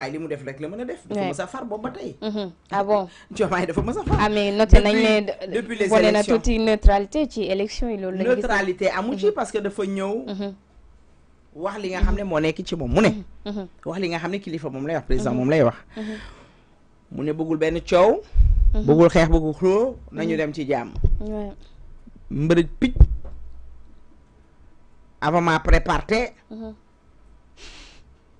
waaye li mu def rek la mën a def. dafa mës a far boobu mhm. ah bon Diomaye dafa mës a ah mais noté nañ depuis les élections toute une neutralité ci élection yi loolu. lañ gis neutralité amu mhm. parce que dafa fois mhm. wax li nga xam ne moo nekk ci moom mu ne. wax li nga xam ne kilifa moom lay wax président moom lay wax. mu ne ben benn coow. bëggul xeex bëggul xuloo nañu dem ci jàmm. mbërëj avant ma préparé.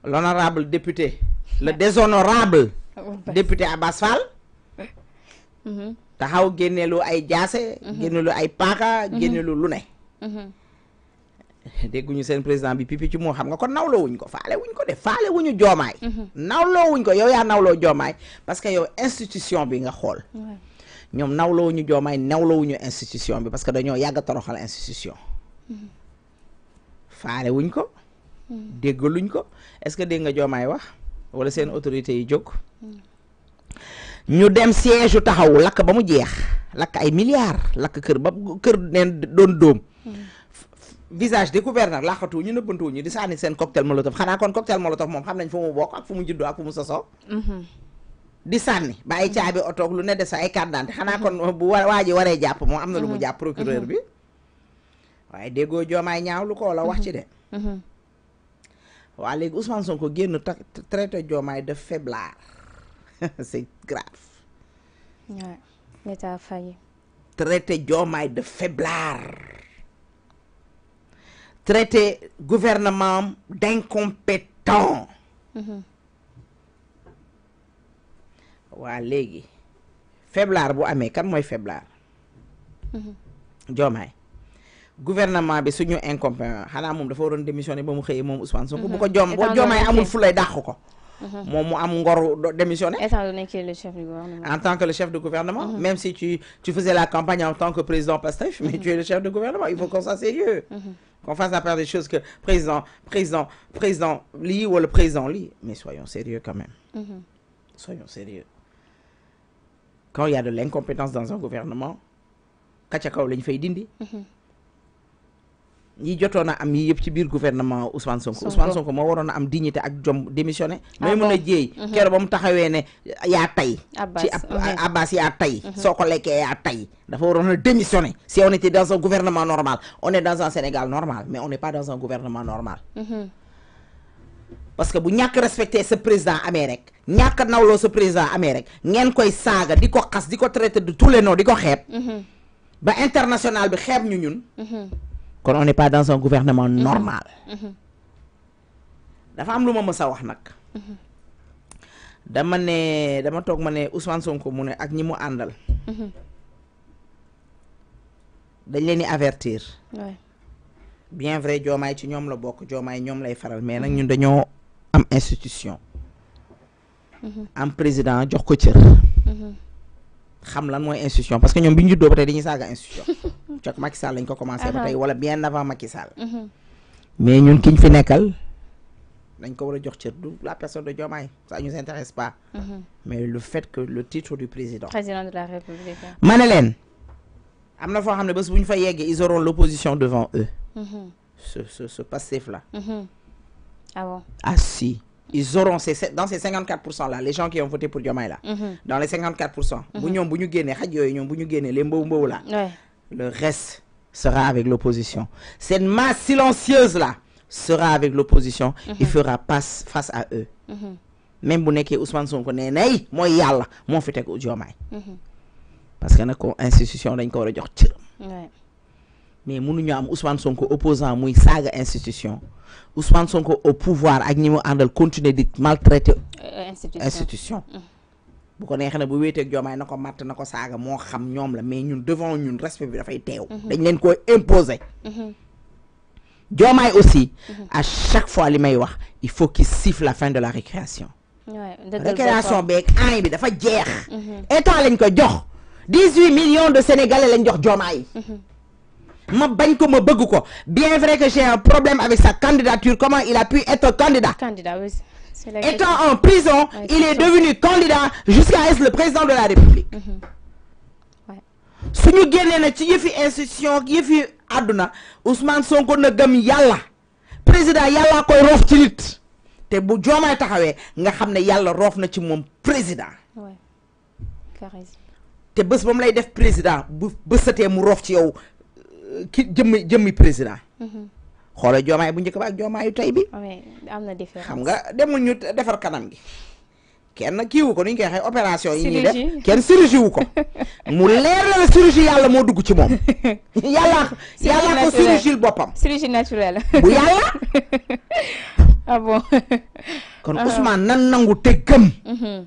l'honorable député le déshonorable ah député Abass Fall mhm. taxaw génneelu ay jaase mhm. génneelu ay paaka mhm. génneelu lu ne dégguñu seen président bi pipi ci moo xam nga ko nawloo wuñ ko faale wuñ ko de faale wuñu joomaay nawloo wuñ ko yow yaa nawloo joomaay parce que yow institution bi nga xool ñom nawloo wuñu joomaay nawloo wuñu institution bi parce que dañoo yag toroxal institution faale wuñ ko déggaluñ ko est-ce que dégg nga joomaay wax wala seen autorité yi jóg hmm. ñu dem siège u taxawu lakk ba mu jeex lakk ay milliards lakk kër ba kër neen doon dóom hmm. visage découvert nag laqatu ñu nëbbantu ñu di sànni seen cocktail molotov xanaa kon cocktail molotov moom xam nañ fu mu bokk ak fu mu juddoo ak fu mu sosoo hmm. di sànni ba ay caabi otoog lu ne de sa ay carte d'identité xanaa kon bu waa ji waree jàpp moom am na lu mu jàpp procureur bi waaye déggoo joomaay ñaaw lu ko la wax ci de waa léegi Ousmane Sonko génn ta traité Diomaye de faiblard c'est grave. waaw l'État failli. traité Diomaye de faiblard traité gouvernement d'incompétent. Mhm. waa léegi faiblard bu amee kan mooy faiblard. Mhm. Diomaye. gouvernement bi suñu incompétent xana mom dafa faut démissionné ba mu xëyee moom Ousmane Sonko. bu ko mhm. jom bo jomay amul fulay dakh ko. mom mhm. mu am ngor démissioner étant donné le chef du gouvernement. en tant que le chef du gouvernement. Mhm. même si tu tu faisais la campagne en tant que président Pastef. mais tu es le chef de gouvernement il faut qu'on soit sérieux. qu'on fasse la part des choses que président président président ou le président lit. mais soyons sérieux quand même. soyons sérieux quand il y a de l'incompétence dans un gouvernement kàcce kaw lañ fay dindi yi jotona a am yi yëpp ci biir gouvernement Ousmane Sonko Ousmane Sonko mo warona a am dignité ak jom Mais may mun a kéro bam taxawé né ya ne tay ci Abbas yaa tay mhm. soko léké ya tay dafa warona a démissionné si on était dans un gouvernement normal on est dans un Sénégal normal mais on n'est pas dans un gouvernement normal mhm. parce que bu ñak respecté ce président amérique rek ñàkk nawloo ce président amee rek ngeen koy saaga diko xass diko traiter de tous les noms diko ko mhm. ba international bi xeeb ñu ñun on n'est pas dans un gouvernement mhm. normal mhm. dafa am lu ma a nag mhm. ne ma ne Ousmane Sonko mu ak ñi avertir bien vrai joomaay ci ñoom la mais institution am président jox ko institution parce que ñoom bi ñu institution coog Macky Sall lañ commencé ba tey wala bien avant Macky Sall mhm. mais ñun kiñ fi nekkal dañ ko wara jox ci du la personne de Diomaye ça nous intéresse pas mhm. mais le fait que le titre du président président de la République hein. ma ne fa ils auront l'opposition devant eux mhm. ce ce ce passif là ah bon ah si ils auront ces dans ces 54 là les gens qui ont voté pour Diomaye là dans les 54 ils cent bu xaj les là le reste sera avec l'opposition. Cette masse silencieuse-là sera avec l'opposition. Mm Il mhm. fera passe face à eux. Mhm. Même si vous Ousmane Sonko, moi, yalla, moi, fait que Diomaye. Parce qu'il y a une institution qui est jox cëram. Mais mënuñu am Ousmane Sonko opposant muy saga institution. Ousmane Sonko au pouvoir ak ñi andal continuer de maltraiter euh, institution. Mhm. Vous connaissez neexee ne bu wéeteeg joomaay na été màtt na ko saaga la mais ñun devant ñun respect bi dafay teew mhm. dañ leen imposer mhm. aussi mhm. à chaque fois li may il faut qu'ils siffle la fin de la récréation récréation c'est an bi dafa guerre. état lañ ko jox dix 18 millions de sénégalais lañ jox joomaay ma bañ ko ma bëgg ko bien vrai que j'ai un problème avec sa candidature comment il a pu être candidat Étant en prison, il est devenu candidat jusqu'à être le président de la République. Mhm. su ñu génnee na ci yëfi institution yëfi Aduna, Ousmane Sonko na gëm Yalla, président Yalla koy roof ci nit te bu joomaay taxawee nga xam ne yàlla na ci moom président. te bés ba mu lay def président bu bësatee mu roof ci yow ki jëmmi jëmmi président. Mhm. xoolal joomaay bu njëkk ba ak joomaayu tey bi. am na différence xam nga dem demul ñu defar kanam gi. kenn kii ko ni ñu koy waxee opération yi ñuy def kenn chirurgie wu ko mu leer la la chirurgie yàlla moo dugg ci moom yàlla yàlla ko chirurgie boppam chirurgie bu yàlla ah kon uh-huh. Ousmane nan nangu te gëm mm-hmm.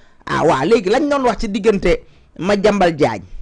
ah waaw léegi lañu doon wax ci diggante ma jambal Diagne